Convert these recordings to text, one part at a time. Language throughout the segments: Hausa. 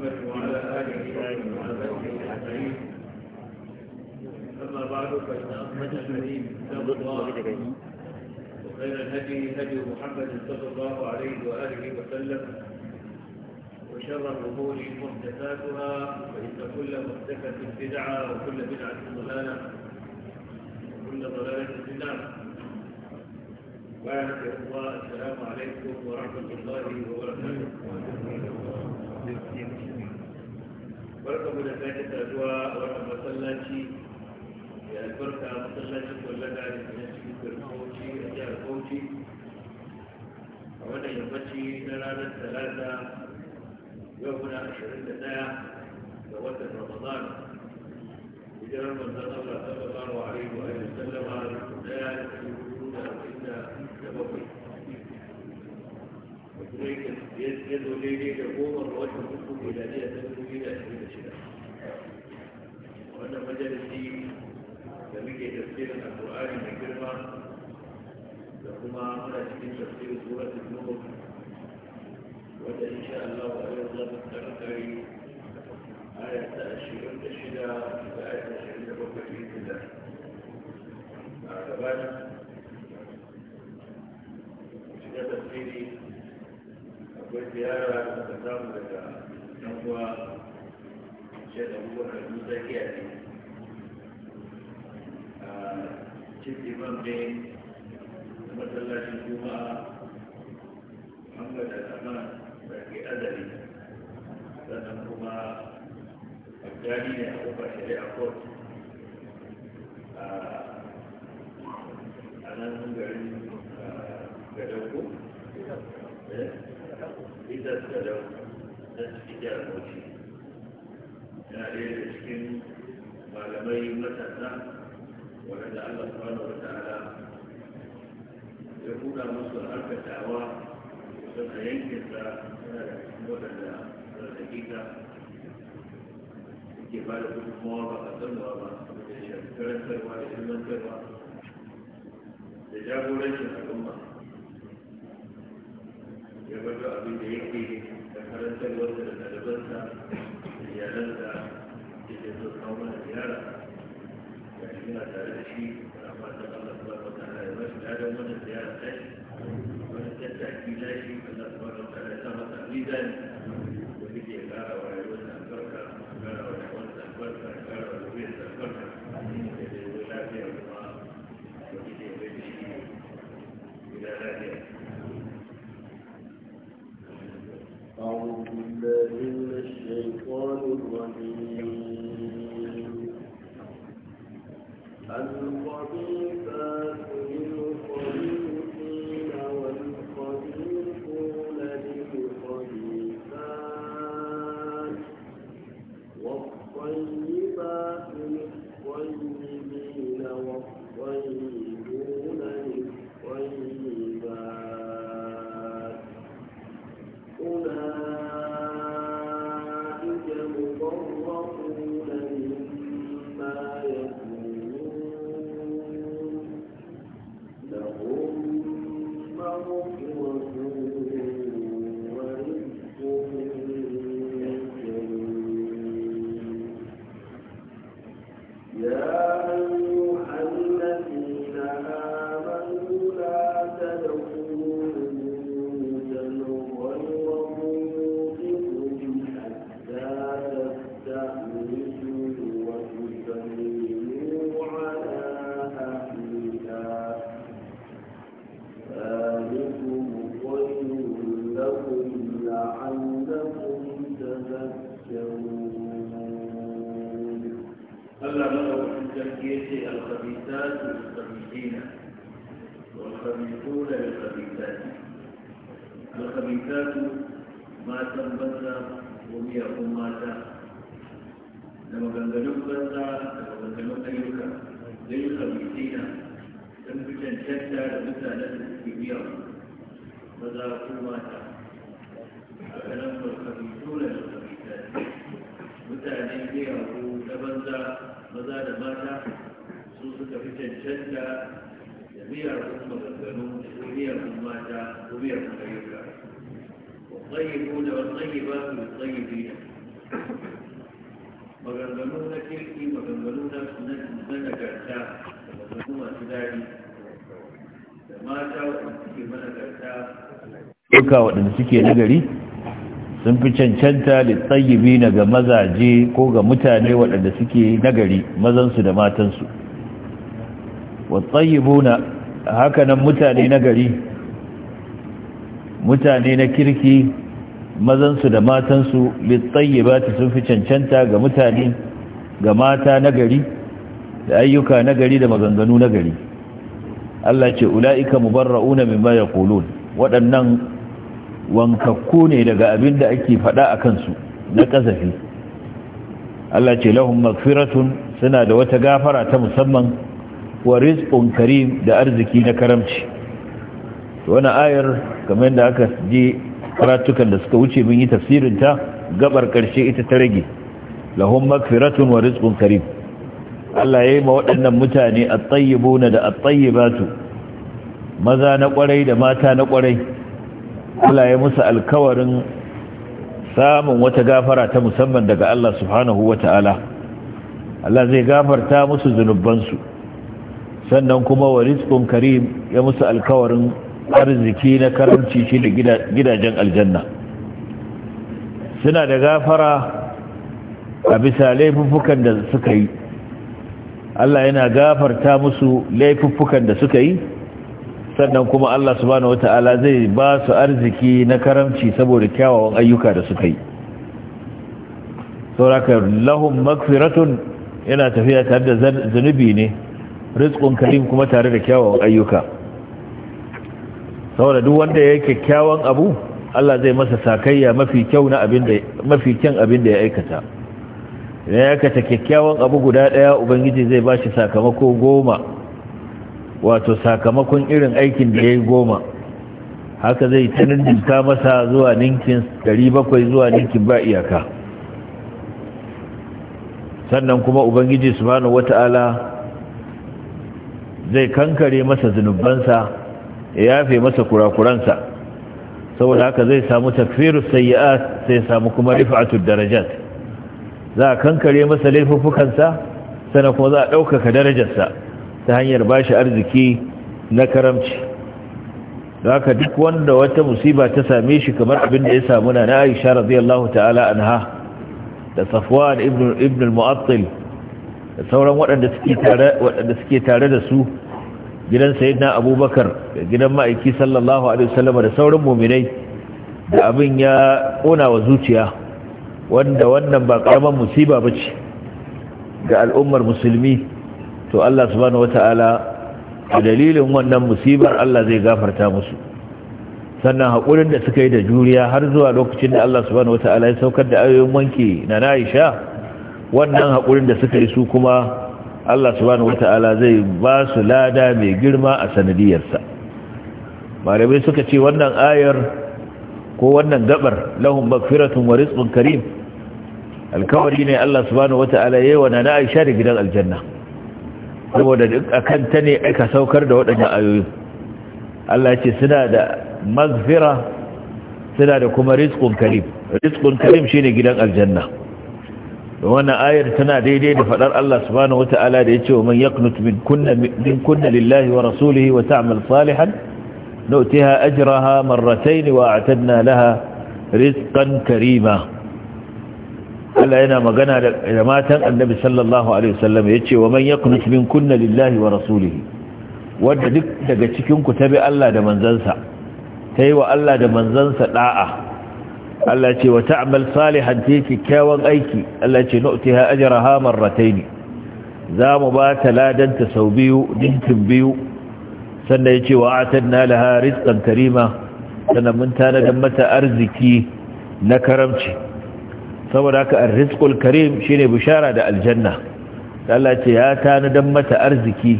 محمد وعلى آله وصحبه أجمعين أما بعد فإن أصمت الحديث كتاب الله وخير الهدي هدي محمد صلى الله عليه وآله وسلم وشر الأمور محدثاتها فإن كل محدثة بدعة وكل بدعة ضلالة وكل ضلالة في النار الله السلام عليكم ورحمة الله وبركاته barka mu da sake saduwa a wannan masallaci ya albarka masallacin wallaka da ke cikin garkoci a jihar bauchi a wannan yammaci na ranar talata yau muna ashirin da ɗaya ga watan ramadan hijirar manzon Allah sallallahu alaihi wa sallama da ɗaya da ɗari hudu da arba'in da bakwai يزو ليه لعموم الرواج الحكم الهلالية تنزل إلى أهل الشدة وأنا مجلسي لم يجي تفسير القرآن من لكما أنا تكون تفسير سورة النور وإذا إن شاء الله وإلى الله الترقي آية الشيرين الشدة وآية الشيرين الركب بإذن الله بعد ذلك تفسيري akwai yara da ta samu daga ɗan uwa shaɗa abubakar musa kiyaye a cikin imam ne da masallacin juma'a muhammad al-aman da ke azali sannan kuma abdani ne a kuma shari'a court a nan garin eh, gadauku eh? idan sadau na cikin jihar bauchi yana ɗaya da cikin malamai matasa waɗanda allah subhanahu wa ta'ala ya buɗa musu harkar dawa daga yankinsa yana da cikin waɗanda zargagita suke ba da gudunmawa ba a tsanuwa ba da shafi karantarwa da ilmantarwa da jagorancin al'umma ya gado abin da yake da karantarwarsa da ɗalibansa da iyalansa da ke zo kawo mana ziyara ya yi na tare da shi a fatan Allah ta baka ta hana ya bashi ladan wannan ziyara ta shi wani tattaki na shi Allah ta baka ta hana ya sa masa الشيطان الرجيم الخبيث rana su suka fi cancanta da miyagun maganganu ko miyagun mata ko ayyuka maganganu na kirki maganganu na nagarta maganganu masu daɗi da mata suke managarta duka waɗanda suke nagari sun fi cancanta litsayibi na ga mazaje ko ga mutane waɗanda suke nagari mazansu da matansu watsayibu na hakanan mutane nagari mutane na kirki mazansu da matansu ta sun fi cancanta ga mutane ga mata nagari da ayyuka nagari da maganganu nagari Allah ce ula'ika mubarra'una mimma yaqulun waɗannan wankakku ne daga abin da ake faɗa a kansu na ƙasafi Allah ce lahun magfiratun suna da wata gafara ta musamman wa rizqun karim da arziki na karamci Wani ayar kamar yadda aka ji karatukan da suka wuce mun yi tafsirin ta gabar karshe ita ta rage lahum makfiratun wa rizqun karim Allah yi ma waɗannan mutane at-tayyibuna da at-tayyibatu maza na kwarai da mata na kwarai Allah ya musu alkawarin samun wata gafara ta musamman daga Allah subhanahu wa ta'ala Allah zai gafarta musu zunubansu sannan kuma wa rizqun karim ya musu alkawarin arziki na karanci shi da gidajen aljanna suna da gafara a bisa laifuffukan da suka yi Allah yana gafarta musu laifuffukan da suka yi sannan kuma Allah subhanahu wata'ala zai ba su arziki na karamci saboda kyawawan ayyuka da suka yi sauraka lahum magfiratun yana tafiya tare da zunubi ne rizqun karim kuma tare da kyawawan ayyuka saboda duk wanda ya kyakkyawan abu Allah zai masa sakayya mafi kyau na abin mafi kyan abin da ya aikata idan ya aikata kyakkyawan abu guda daya ubangiji zai bashi sakamako goma wato sakamakon irin aikin da ya yi goma haka zai ta ninka masa zuwa ninkin 700 zuwa ninkin ba iyaka sannan kuma ubangiji subhanahu wata'ala zai kankare masa zunubansa ya yafe masa kurakuransa saboda haka zai samu takfirus sayi'a sai samu kuma rif'atud darajat za a kankare masa laifuffukansa sannan kuma za a ɗaukaka darajarsa ta hanyar ba shi arziki na karamci da haka duk wanda wata musiba ta same shi kamar abin da ya samu na aisha radiyallahu ta'ala anha da safwan ibn al-mu'attil da sauran waɗanda suke tare waɗanda suke tare da su gidan sayyidina abubakar da gidan ma'aiki sallallahu alaihi wasallam da sauran mu'minai da abin ya kona wa zuciya wanda wannan ba karaman musiba bace ga al'ummar musulmi to Allah subhanahu wata'ala a dalilin wannan musibar Allah zai gafarta musu sannan haƙurin da suka yi da juriya har zuwa lokacin da Allah subhanahu wata'ala ya saukar da ayoyin wanki na Aisha wannan haƙurin da suka yi su kuma Allah subhanahu wata'ala zai ba su lada mai girma a sanadiyarsa malamai suka ce wannan ayar ko wannan gabar lahum magfiratun wa rizqun karim alkawari ne Allah subhanahu wata'ala yayi wa nana Aisha da gidan aljanna saboda duk akan ta ne aka saukar da waɗannan ayoyi Allah ce suna da magfira suna da kuma rizqun karim rizqun karim shine gidan aljanna wannan ayar tana daidai da fadar Allah subhanahu wataala da yace wa man yaqnut min kunna lillahi wa rasulihi wa ta'mal salihan nu'tiha ajraha marratayn wa a'tadna laha rizqan karima Allah yana magana da matan annabi sallallahu alaihi wasallam yace wa man yaqnut min kunna lillahi wa rasulihi wanda duk daga cikin ta bi Allah da manzansa yi wa Allah da manzansa da'a Allah ce wa Ta'amal salihan take kyawun aiki Allah ce nu'tiha ratai marratayn za mu ba ta ladanta sau biyu dinkin biyu sannan yace wa atadna laha rizqan karima sannan mun tana da mata arziki na karamci saboda haka arrizqul karim shine bishara da aljanna Allah ce ya tanadan mata arziki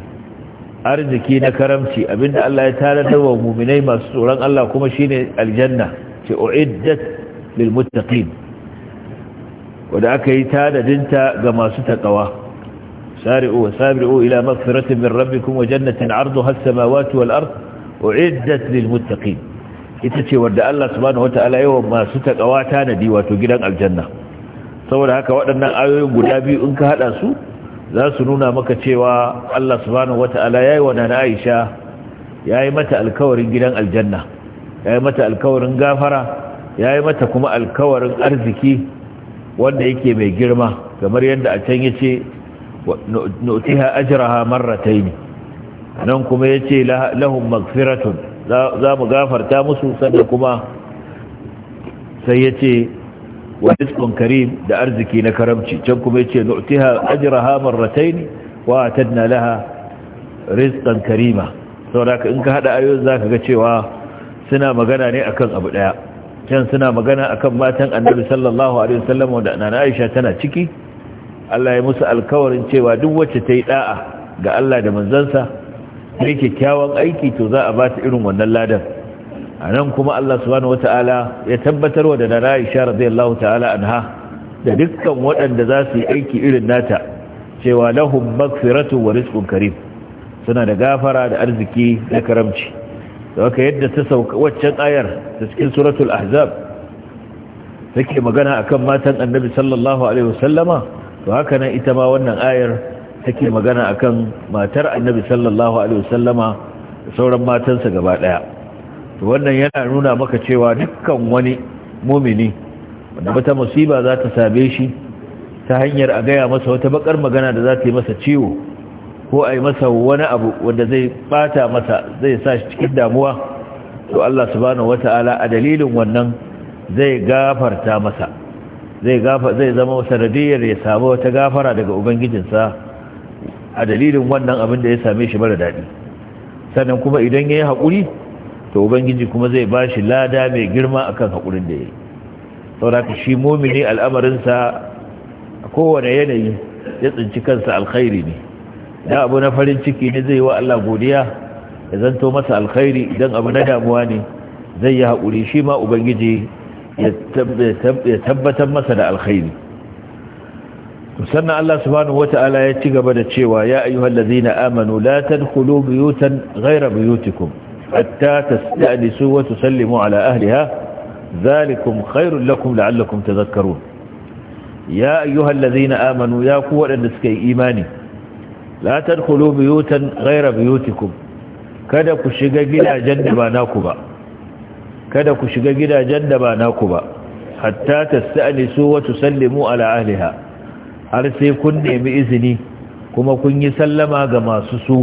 arziki na karamci abinda Allah ya tanadar wa mu'minai masu tsoron Allah kuma shine aljanna ce uiddat lil muttaqin wanda aka yi tanadinta ga masu takawa sari'u wa sabiru ila maghfiratin min rabbikum wa jannatin 'arduha as-samawati wal ard uiddat lil muttaqin ita ce wanda Allah subhanahu wataala yawa masu takawa tanadi wato gidan aljanna saboda haka waɗannan ayoyin guda biyu in ka haɗa su za su nuna maka cewa Allah subhanahu wata'ala ya yi wa nana Aisha ya yi mata alkawarin gidan aljanna ya yi mata alkawarin gafara ya yi mata kuma alkawarin arziki wanda yake mai girma kamar yadda a can ya ce notiha ajiraha ne nan kuma ya ce lahun magfiratun za mu gafarta musu sannan kuma sai ya ce wa rizqun karim da arziki na karamci can kuma yace nu'tiha ajraha marratayn wa atadna laha rizqan karima saboda in ka hada ayoyin zaka ga cewa suna magana ne akan abu daya can suna magana akan matan Annabi sallallahu alaihi wasallam da nana Aisha tana ciki Allah ya musu alkawarin cewa duk wacce ta yi da'a ga Allah da manzansa ne kyakkyawan aiki to za a ba ta irin wannan ladan a nan kuma Allah subhanahu wata'ala ya tabbatar wa da na Aisha radiyallahu ta'ala anha da dukkan waɗanda za su yi aiki irin nata cewa lahum maghfiratu wa rizqun karim suna da gafara da arziki da karamci da haka yadda ta sauka waccan ayar ta cikin suratul ahzab take magana akan matan annabi sallallahu alaihi wasallama to haka nan ita ma wannan ayar take magana akan matar annabi sallallahu alaihi wasallama da sauran matansa gaba daya to wannan yana nuna maka cewa dukkan wani mumini wanda wata musiba za ta same shi ta hanyar a gaya masa wata bakar magana da za ta yi masa ciwo ko a yi masa wani abu wanda zai bata masa zai sa shi cikin damuwa to Allah subhanahu wata'ala a dalilin wannan zai gafarta masa zai gafa zai zama sanadiyar ya samu wata gafara daga ubangijinsa a dalilin wannan abin da ya same shi mara daɗi sannan kuma idan ya yi haƙuri to ubangiji kuma zai bashi lada mai girma akan haƙurin da yi, saboda shi mu'mini al'amarin sa kowane yanayi ya tsinci kansa alkhairi ne da abu na farin ciki ne zai wa Allah godiya ya zanto masa alkhairi idan abu na damuwa ne zai yi haƙuri shi ma ubangiji ya tabbatar masa da alkhairi sannan Allah subhanahu Ta'ala ya ci gaba da cewa ya ayyuhal ladzina amanu la tadkhulu buyutan ghayra buyutikum hatta tasta'nisu wa tusallimu ala ahliha zalikum khairul lakum la'allakum tadhakkarun ya ayyuhal ladzina amanu ya ku wadanda suka imani la tadkhulu kada ku shiga gidajen da ba naku ba kada ku shiga gidajen da ba naku ba hatta tasta'nisu wa tusallimu ala ahliha har sai kun nemi izini kuma kun yi sallama ga masu su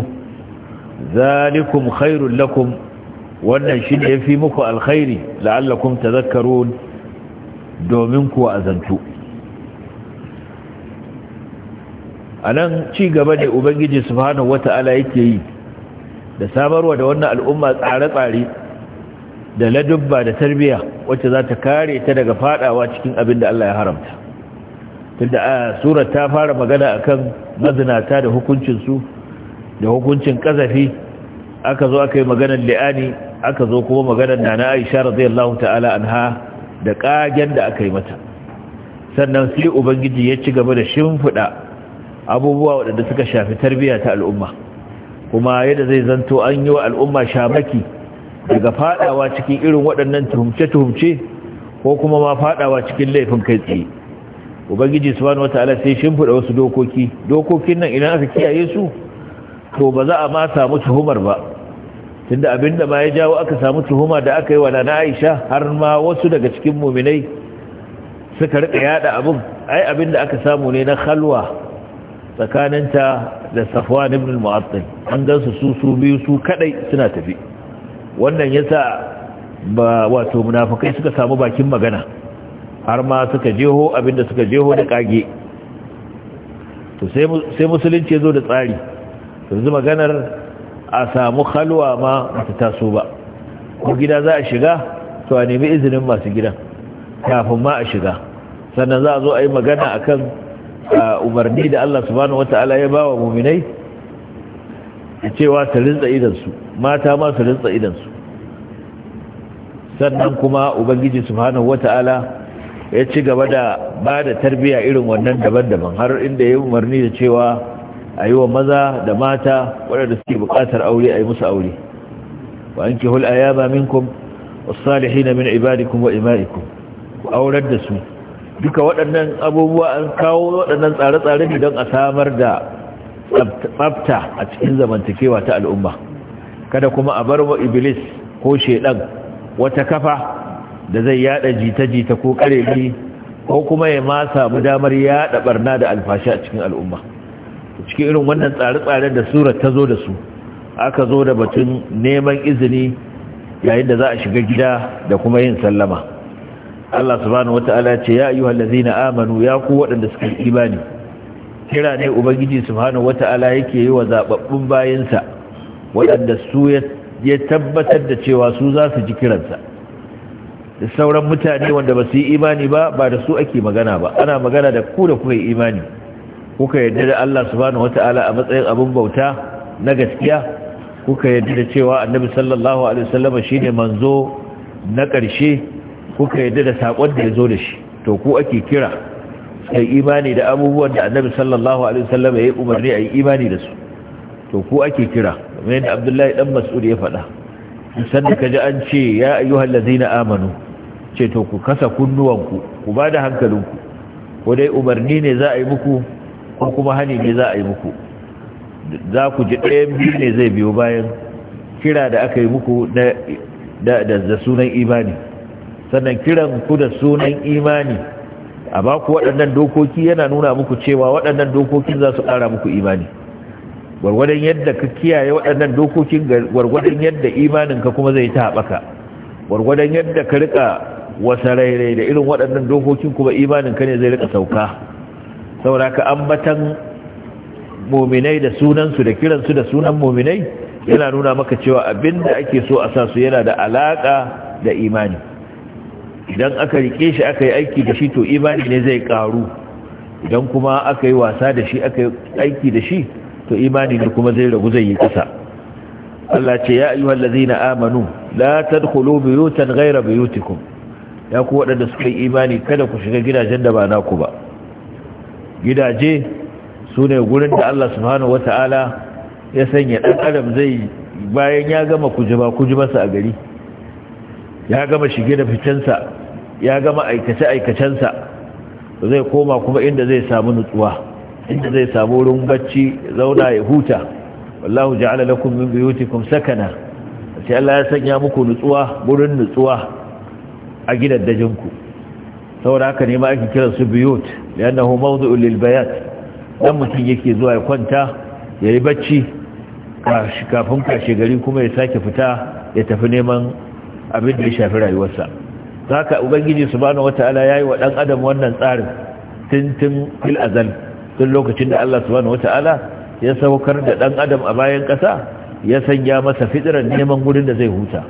zalikum khairul lakum wannan shi ne yafi muku alkhairi la'allakum tadhakkarun domin ku azantu anan ci gaba ne ubangiji subhanahu wata'ala yake yi da samarwa da wannan al'umma tsare-tsare da ladubba da tarbiya wacce za ta kare ta daga fadawa cikin abin da Allah ya haramta tunda a ah, surar ta fara magana akan mazinata da hukuncinsu da hukuncin kazafi aka zo aka yi maganar li'ani aka zo kuma maganar nana aisha radiyallahu ta'ala anha da kagen da aka yi mata sannan sai ubangiji ya ci gaba da shimfiɗa abubuwa waɗanda suka shafi tarbiyya ta al'umma kuma yadda zai zanto an yi wa al'umma shamaki daga fadawa cikin irin waɗannan tuhumce-tuhumce ko kuma ma fadawa cikin laifin kai tsaye ubangiji subhanahu wataala sai shimfida wasu dokoki dokokin nan idan aka kiyaye su to ba za a ma samu tuhumar ba tunda abinda ma ya jawo aka samu tuhuma da aka yi wa na Aisha har ma wasu daga cikin muminai suka rika yada abin ai abinda aka samu ne na khalwa tsakaninta da Safwan ibn al-Mu'attal an ga su su su biyu su kadai suna tafi wannan yasa ba wato munafikai suka samu bakin magana har ma suka jeho abinda suka jeho da kage to sai musulunci ya zo da tsari yanzu maganar a samu halwa ma bata taso ba ko gida za a shiga to a nemi izinin masu gidan kafin ma a shiga sannan za a zo a yi magana a kan umarni da Allah subhanahu ta'ala ya ba wa muminai cewa su rinsa idansu mata ma su rinsa idansu sannan kuma ubangiji subhanahu ta'ala ya ci gaba da ba da tarbiyya irin wannan daban-daban har inda ya yi umarni da cewa a yi wa maza da mata waɗanda suke buƙatar aure a yi musu aure wa an ke hulɗa ya ba min ibadikum wa ima'ikum ku aurar da su duka waɗannan abubuwa an kawo waɗannan tsare-tsare ne don a samar da tsafta a cikin zamantakewa ta al'umma kada kuma a bar wa iblis ko shaidan wata kafa da zai yaɗa jita-jita ko kareli ko kuma ya ma samu damar yada barna da alfashi a cikin al'umma cikin irin wannan tsare-tsaren da sura ta zo da su aka zo da batun neman izini yayin da za a shiga gida da kuma yin sallama Allah subhanahu wata'ala ce ya ayyuhal ladzina amanu ya ku waɗanda suka imani kira ne ubangiji subhanahu wata'ala yake yi wa zababbun bayinsa waɗanda su ya tabbatar da cewa su za su ji kiransa da sauran mutane wanda ba su yi imani ba ba da su ake magana ba ana magana da ku da ku yi imani kuka yadda da Allah subhanahu wata'ala a matsayin abin bauta na gaskiya kuka yadda da cewa annabi sallallahu alaihi wasallam shine manzo na ƙarshe kuka yadda da sakon da yazo da shi to ku ake kira sai imani da abubuwan da annabi sallallahu alaihi wasallam ya umarni a yi imani da su to ku ake kira kamar yadda Abdullahi dan Mas'ud ya faɗa sanda kaji an ce ya ayyuhal ladzina amanu ce to ku kasa kunnuwanku ku bada hankalinku ko dai umarni ne za a yi muku ko kuma hani ne za a yi muku za ku ji ɗayan biyu ne zai biyo bayan kira da aka yi muku da sunan imani sannan kiran ku da sunan imani a baku waɗannan dokoki yana nuna muku cewa waɗannan dokokin za su ƙara muku imani gwargwadon yadda ka kiyaye waɗannan dokokin gwargwadon yadda imaninka kuma zai ta haɓaka gwargwadon yadda ka rika wasa rairai da irin waɗannan dokokin kuma imaninka ne zai rika sauka saboda ka ambatan muminai da sunansu da kiransu da sunan muminai yana nuna maka cewa abinda ake so a sa su yana da alaka da imani idan aka rike shi aka yi aiki da shi to imani ne zai karu idan kuma aka yi wasa da shi aka yi aiki da shi to imani ne kuma zai ragu zai yi kasa Allah ce ya ayyuhal allazina amanu la tadkhulu buyutan ghayra buyutikum ya ku wadanda suka yi imani kada ku shiga gidajen da ba naku ba gidaje su ne gurin da Allah subhanahu ta'ala ya sanya ɗan adam zai bayan ya gama kujiba kujibarsa a gari ya gama shige da ficensa ya gama aikace-aikacensa zai koma kuma inda zai samu nutsuwa inda zai samu wurin bacci zauna ya huta wallahu ja'ala lakum min buyutikum sakana sai Allah ya sanya muku nutsuwa wurin nutsuwa a gidan gidaddajinku saboda haka ne ma ake kiransu biyut لأنه موضع للبيات لما تيجي زوا يكونتا yayi barci kafin kashe gari kuma ya sake fita ya tafi neman abin da ya shafi rayuwarsa haka ubangiji subhanahu wataala yayi wa dan adam wannan tsarin tintin fil azal tun lokacin da Allah subhanahu wataala ya saukar da dan adam a bayan kasa ya sanya masa fitiran neman gurin da zai huta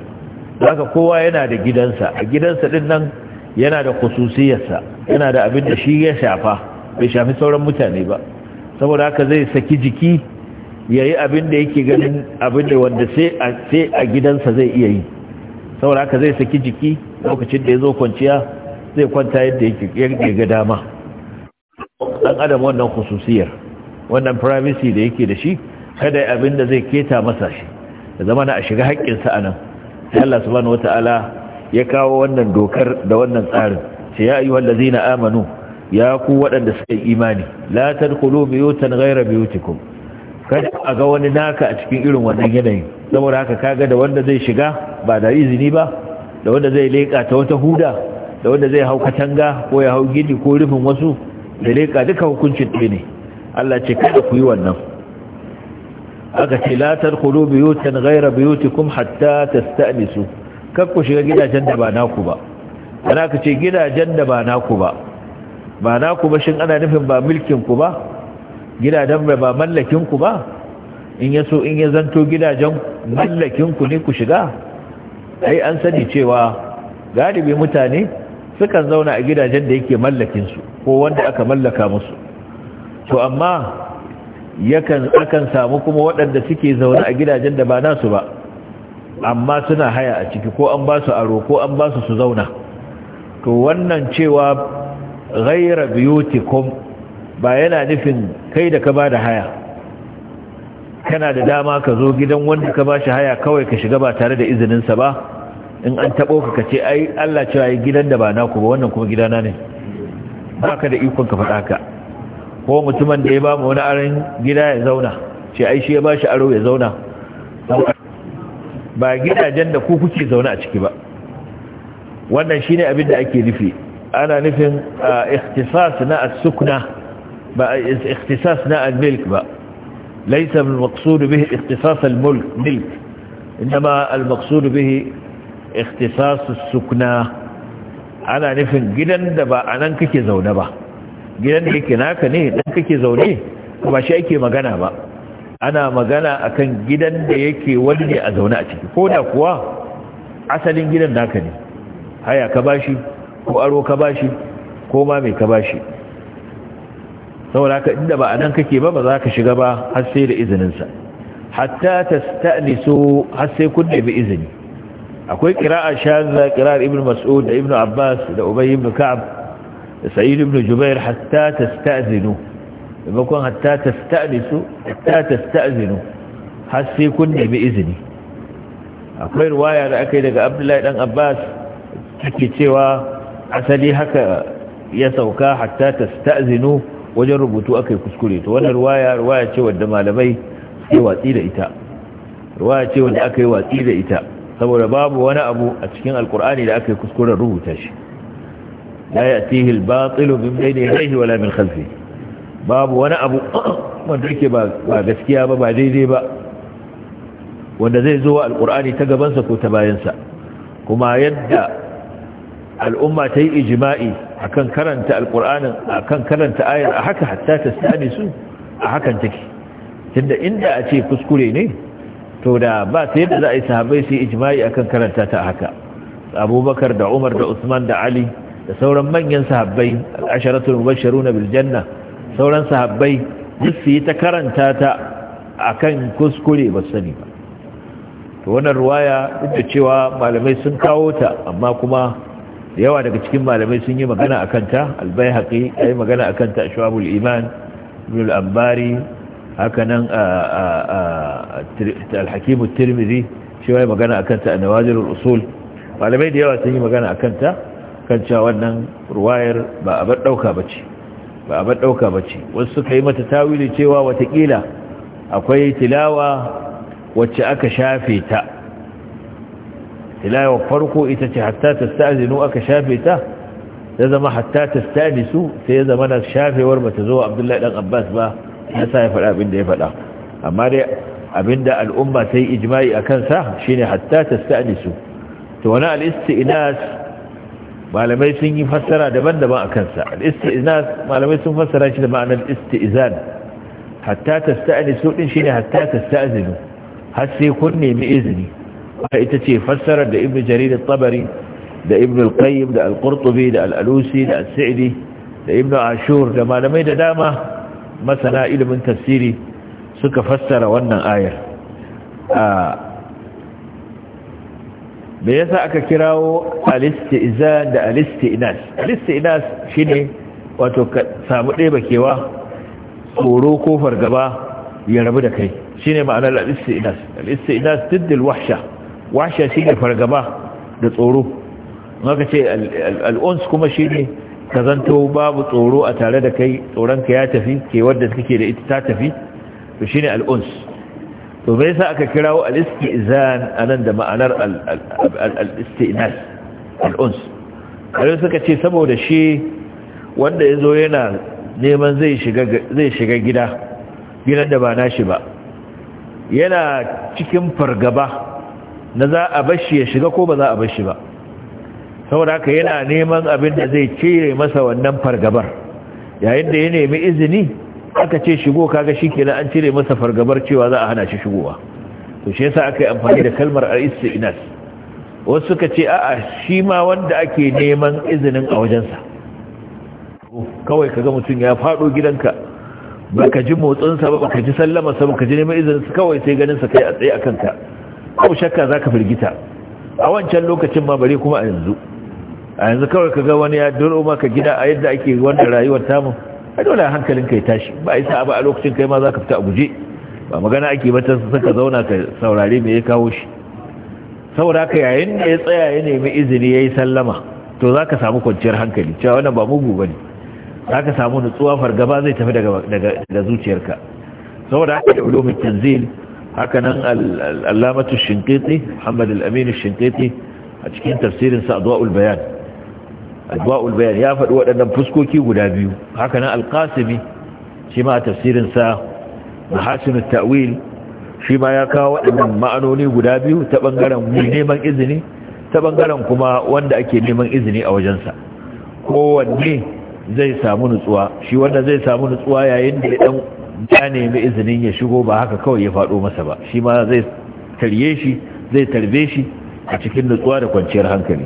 haka kowa yana da gidansa a gidansa dinnan. yana da kususiyarsa yana da abin da shi ya shafa bai shafi sauran mutane ba saboda haka zai saki jiki ya yi abin da yake ganin abin da wanda sai a gidansa zai iya yi saboda haka zai saki jiki lokacin da ya zo kwanciya zai kwanta yadda yake ga dama ɗan adam wannan kususiyar wannan privacy da yake da shi kada abin da zai keta masa shi da zama na a shiga haƙƙinsa a nan Allah subhanahu wata'ala ya kawo wannan dokar da wannan tsarin sai ya ayyuhal ladzina amanu ya ku waɗanda suka yi imani la tadkhulu buyutan ghayra biyotikun. kada a ga wani naka a cikin irin wannan yanayin saboda haka kaga da wanda zai shiga ba da izini ba da wanda zai leƙa ta wata huda da wanda zai hau katanga ko ya hau gini ko rufin wasu da leƙa duka hukuncin ɗaya ne Allah ce kada ku yi wannan aka ce la tadkhulu buyutan ghayra buyutikum hatta tasta'nisu kar ku shiga gidajen da ba naku ba ana ka ce gidajen da ba naku ba ba naku ba shin ana nufin ba milkin ku ba gidajen ba mallakin ba in ya so in ya zanto gidajen mallakin ku ne ku shiga ai an sani cewa galibi mutane sukan zauna a gidajen da yake mallakinsu ko wanda aka mallaka musu to amma yakan akan samu kuma waɗanda suke zaune a gidajen da ba nasu ba amma suna haya a ciki ko an ba su aro ko an ba su su zauna to wannan cewa ghaira biyutikum ba yana nufin kai da ka ba da haya kana da dama ka zo gidan wanda ka ba shi haya kawai ka shiga ba tare da izininsa ba in an taɓo ka ce ai Allah cewa yi gidan da ba naku ba wannan kuma gidana ne ba ka da ikon ka faɗa ka ko mutumin da ya ba mu wani aron gida ya zauna ce ai shi ya ba shi aro ya zauna ba gidajen da ku kuke zaune a ciki ba wannan shine abin da ake nufi ana nufin ikhtisasna as-sukna ba ikhtisasna al-milk ba laysa al-maqsud bihi ikhtisas al-mulk milk inma al-maqsud bihi ikhtisas as-sukna ana nufin gidan da ba anan kake zaune ba gidan da yake naka ne dan kake zaune ba shi ake magana ba ana magana akan gidan da yake wani ne a zaune a ciki ko da kuwa asalin gidan naka ne haya ka bashi ko aro ka bashi ko ma mai ka bashi saboda ka inda ba a nan kake ba ba za ka shiga ba har sai da izininsa hatta ta sta'nisu har sai kun nemi izini akwai kira'a shaza kira'ar ibn mas'ud da ibn abbas da ubay ibn ka'ab da sa'id ibn jubair hatta ta sta'zinu maimakon hatta ta tasta'nisu ta tasta'zinu har sai kun nemi izini akwai ruwaya da aka yi daga Abdullahi ɗan Abbas take cewa asali haka ya sauka hatta tasta'zinu wajen rubutu aka yi kuskure to wannan ruwaya ruwaya ce wadda malamai sai watsi da ita ruwaya ce wadda aka yi watsi da ita saboda babu wani abu a cikin alkur'ani da aka yi kuskuren rubuta shi la ya'tihi al-batilu min bayni yadayhi wala min khalfihi babu wani abu wanda yake ba gaskiya ba ba daidai ba wanda zai zo alkur'ani ta gabansa ko ta bayansa kuma yadda al'umma ta yi ijima'i akan karanta a kan karanta ayar a haka hatta ta sani su a hakan take tunda inda a ce kuskure ne to da ba ta yadda za a yi sahabai su yi ijima'i akan karanta ta haka abubakar da umar da usman da ali da sauran manyan sahabbai al'asharatul mubashsharuna bil janna sauran sahabbai duk su yi ta karanta ta akan kuskure ba sani ba to wannan ruwaya duk da cewa malamai sun kawo ta amma kuma yawa daga cikin malamai sun yi magana a kanta magana a kanta iman ambari tirmidhi shi magana a kanta a nawazirul usul malamai da yawa sun yi magana a kanta kan cewa wannan ruwayar ba a bar dauka bace ba a bar ɗauka ba ce wasu suka yi mata tawili cewa watakila akwai tilawa wacce aka shafe ta tilawa farko ita ce hatta ta sta'azinu aka shafe ta ya zama hatta ta sta'anisu sai ya zama na shafewar ba ta zo abdullahi ɗan abbas ba ya sa ya faɗa abin da ya faɗa amma dai abinda al'umma ta yi ijima'i a kansa shine hatta ta sta'anisu to wani al'isti'inas malamai sun yi fassara daban-daban a kansa al malamai sun fassara shi da ma'anar istizan hatta tasta'ani su shi ne hatta tasta'zinu har sai kun nemi izini haka ita ce fassarar da ibnu jarir at-tabari da ibnu al-qayyim da al-qurtubi da al-alusi da Al-Saidi da ibnu ashur da malamai da dama masana ilimin tafsiri suka fassara wannan ayar ah, me yasa aka kirawo al-istizan da al-istinas al-istinas shine wato ka samu ɗaya bakewa tsoro ko fargaba ya rabu da kai shine ma'anar al-istinas al-istinas tiddil wahsha wahsha shine fargaba da tsoro maka ce al-uns kuma shine ka zanto babu tsoro a tare da kai tsoronka ya tafi kewar da kake da ita ta tafi to shine al-uns to me yasa aka kirawo al-istizan anan da ma'anar al-istinas al-uns kare suka ce saboda shi wanda yazo yana neman zai shiga gida gidan da ba nashi ba yana cikin fargaba na za a bashi ya shiga ko ba za a bashi ba saboda haka yana neman abin da zai cire masa wannan fargabar yayin da ya nemi izini aka ce shigo kaga shi kenan an cire masa fargabar cewa za a hana shi shigowa to shi yasa aka yi amfani da kalmar al-istinas wasu suka ce a'a shi ma wanda ake neman izinin a wajensa kawai kaga mutum ya fado gidanka baka ji motsinsa ba baka ji sallama sa baka ji neman izinin sa kawai sai ganin sa kai a tsaye akan ka ko shakka zaka firgita a wancan lokacin ma bare kuma a yanzu a yanzu kawai kaga wani ya duro maka gida a yadda ake wanda rayuwar tamu a dole hankalinka ya tashi ba a yi ba a lokacin kai ma za ka fita a guje ba magana ake ba ta ka zauna ka saurare mai ya kawo shi saboda haka yayin da ya tsaya ya nemi izini ya yi sallama to za ka samu kwanciyar hankali cewa wannan ba mugu ba ne za ka samu nutsuwa fargaba zai tafi daga zuciyarka saboda haka da ulumin tanzil haka nan alamatu shinkiti muhammad al'aminu shinkiti a cikin tafsirin sa'adwa'ul bayan alba'ul bayan ya faɗi waɗannan fuskoki guda biyu haka nan alƙasimi shi ma a da mahasinu ta'wil shi ma ya kawo waɗannan ma'anoni guda biyu ta ɓangaren neman izini ta ɓangaren kuma wanda ake neman izini a wajen sa kowanne zai samu nutsuwa shi wanda zai samu nutsuwa yayin da ya ɗan ya nemi izinin ya shigo ba haka kawai ya faɗo masa ba shi ma zai tarye shi zai tarbe shi a cikin nutsuwa da kwanciyar hankali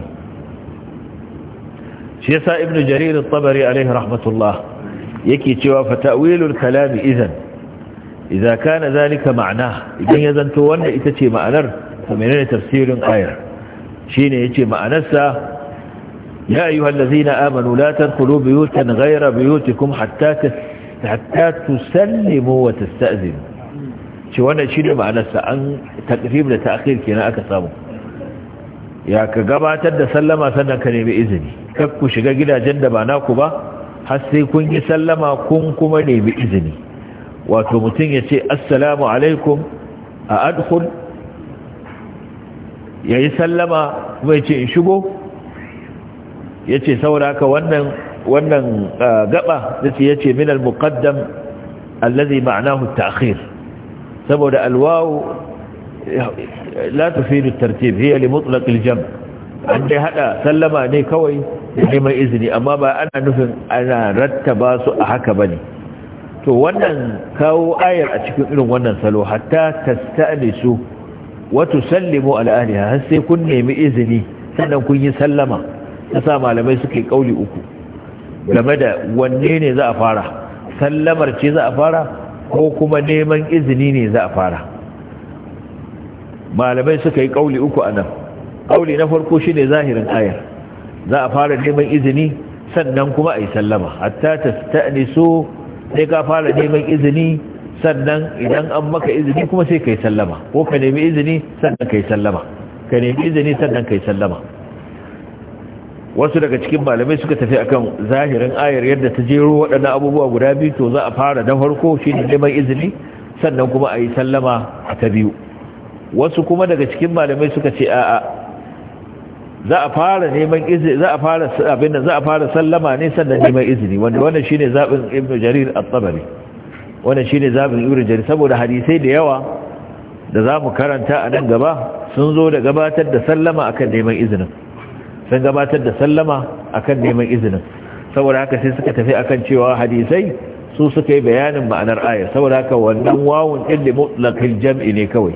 shi yasa ibnu jaririn al-tabari rahmatulah yake cewa fa ta'wilul kalam idan idan kana zalika ma'na idan yazan to wanda ita ce ma'anar to menene tafsirin ayar shine yace ma'anar sa ya ayyuhal ladina amanu la tadkhulu buyutan ghayra buyutikum hatta hatta tusallimu wa tasta'zinu shi wannan shine ma'anar sa an taqrib da kenan aka samu ya ka gabatar da sallama sannan ka nemi izini kar ku shiga gidajen da ba naku ba har sai kun yi sallama kun kuma nemi izini wato mutum ya ce assalamu alaikum a adkhul ya yi sallama kuma ya ce in shigo ya ce sauraka wannan wannan gaba da ya ce minal muqaddam allazi ma'anahu ta'khir saboda alwawu لا تفيد الترتيب هي لمطلق الجمع al-jam an ني كوي sallama ne kawai اما با izini amma ba ana nufin ana rattaba su a haka to wannan kawo ayar a cikin irin wannan salo hatta tastanisu wa tusallimu ala ahliha har sai kun nemi izini sannan kun yi sallama yasa malamai suke kauli uku game da wanne ne za a fara sallamar ce za a fara ko kuma neman izini ne za a fara malamai suka yi kauli uku anan kauli na farko shine zahirin ayar za a fara neman izini sannan kuma a yi sallama hatta so sai ka fara neman izini sannan idan an maka izini kuma sai ka yi sallama ko ka nemi izini sannan ka yi sallama ka nemi izini sannan ka yi sallama wasu daga cikin malamai suka tafi akan zahirin ayar yadda ta jero waɗannan abubuwa guda biyu to za a fara da farko shine neman izini sannan kuma a yi sallama ta biyu wasu kuma daga cikin malamai suka ce a'a za a fara neman izini za a fara abin za a fara sallama ne sannan neman izini wanda wannan shine zabin ibnu jarir at-tabari wannan shine zabin ibnu jarir saboda hadisai da yawa da zamu karanta a nan gaba sun zo da gabatar da sallama akan neman izinin sun gabatar da sallama akan neman izinin saboda haka sai suka tafi akan cewa hadisai su suka yi bayanin ma'anar aya saboda haka wannan wawun ɗin da mutlakin jam'i ne kawai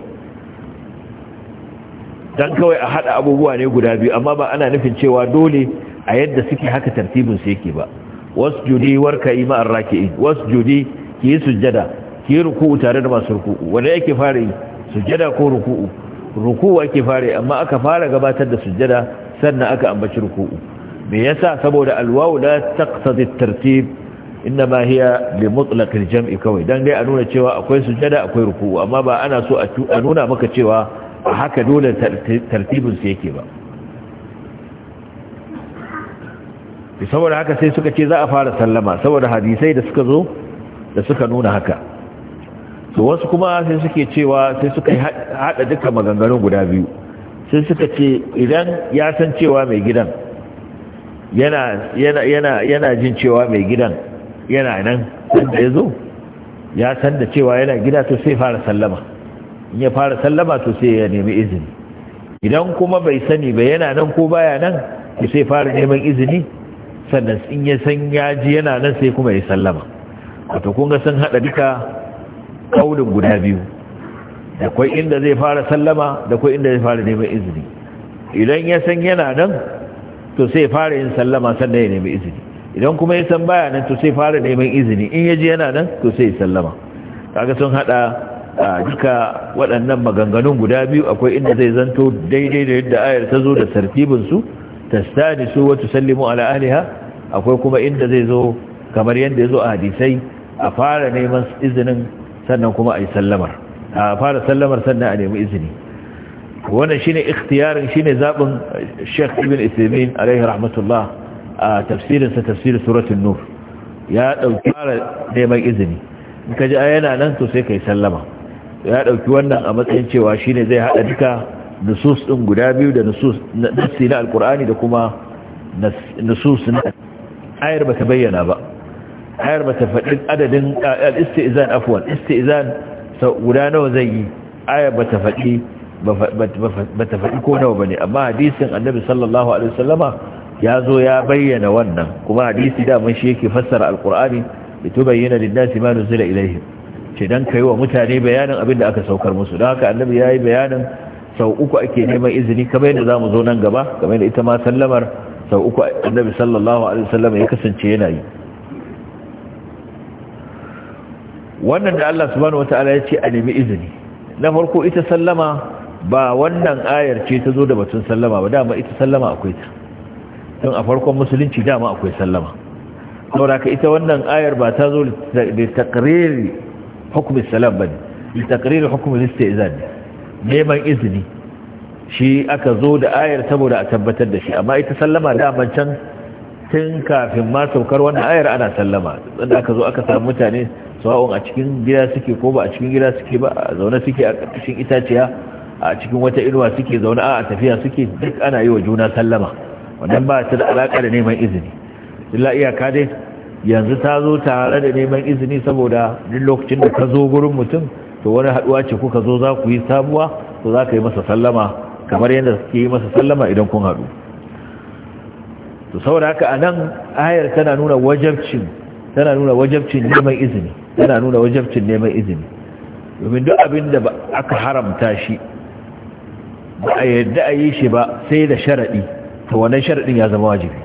dan kawai a hada abubuwa ne guda biyu amma ba ana nufin cewa dole a yadda suke haka tartibin su yake ba wasjudi warka'i ma'ar raki'in wasjudi ki yi sujjada ki yi ruku'u tare da masu ruku'u wani yake fara yi sujjada ko ruku'u ruku'u ake fara amma aka fara gabatar da sujjada sannan aka ambaci ruku'u me yasa saboda alwawu la taqtadi tartib inma hiya li mutlaq al-jam'i kawai dan dai a nuna cewa akwai sujjada akwai ruku'u amma ba ana so a nuna maka cewa a haka dole su yake ba saboda haka sai suka ce za a fara sallama saboda hadisai da suka zo da suka nuna haka to wasu kuma sai suke cewa sai suka haɗa duka maganganun guda biyu sai suka ce idan ya san cewa mai gidan yana jin cewa mai gidan yana nan da ya zo ya san da cewa yana gida to sai fara sallama ya fara sallama to sai ya nemi izini idan kuma bai sani ba yana nan ko baya nan to sai fara neman izini sannan in ya san ya ji yana nan sai kuma ya sallama wato kun ga sun hada duka kaulin guda biyu da kwai inda zai fara sallama da kwai inda zai fara neman izini idan ya san yana nan to sai fara yin sallama sannan ya nemi izini idan kuma ya san baya nan to sai fara neman izini in ya ji yana nan to sai ya sallama kaga sun hada duka waɗannan maganganun guda biyu akwai inda zai zanto daidai da yadda ayar ta zo da tartibinsu tastanisu wa tusallimu ala ahliha akwai kuma inda zai zo kamar yadda ya zo a hadisai a fara neman izinin sannan kuma a yi sallamar a fara sallamar sannan a nemi izini wannan shine ikhtiyarin shine zabin Sheikh Ibn Uthaymeen alaihi rahmatullah a tafsirin suratun tafsir nur ya ɗauki fara neman izini in ka ji ayana nan to sai kai sallama ya ɗauki wannan a matsayin cewa shi ne zai haɗa duka nusus ɗin guda biyu da nusus na alkur'ani da kuma nusus na ayar ba ta bayyana ba ayar ba ta faɗi adadin al'istizan afuwan istizan guda nawa zai yi ayar ba ta faɗi ba ta faɗi ko nawa ba ne amma hadisin annabi sallallahu alaihi wasallama ya zo ya bayyana wannan kuma hadisi da mun shi yake fassara alkur'ani da tubayyana lin nasi ma nuzila ilaihim ce dan kai wa mutane bayanin abin da aka saukar musu don haka annabi ya yi bayanin sau uku ake neman izini kamar yadda za mu zo nan gaba kamar yadda ita ma sallamar sau uku annabi sallallahu alaihi wasallam ya kasance yana yi wannan da Allah subhanahu wataala ya ce a nemi izini na farko ita sallama ba wannan ayar ce ta zo da batun sallama ba dama ita sallama akwai ta tun a farkon musulunci dama akwai sallama saboda ka ita wannan ayar ba ta zo da takriri hukumin salam ba ne litakaririn hukumin neman izini shi aka zo da ayar saboda a tabbatar da shi amma ita sallama daman can tun kafin ma saukar wannan ayar ana sallama wanda aka zo aka samu mutane sawa'un a cikin gida suke ko ba a cikin gida suke ba a zaune suke a cikin itaciya a cikin wata inuwa suke zaune a tafiya suke duk ana yi wa juna sallama wannan ba ta da alaƙa da neman izini illa iyaka dai yanzu ta zo tare da neman izini saboda duk lokacin da ka zo gurin mutum to wani haduwa ce kuka zo za ku yi sabuwa to za ka yi masa sallama kamar yadda suke yi masa sallama idan kun haɗu to saboda haka a nan ayar tana nuna wajabcin tana nuna wajabcin neman izini tana nuna wajabcin neman izini domin duk abin da aka haramta shi ba a yadda a yi shi ba sai da sharaɗi to wannan sharaɗin ya zama wajibi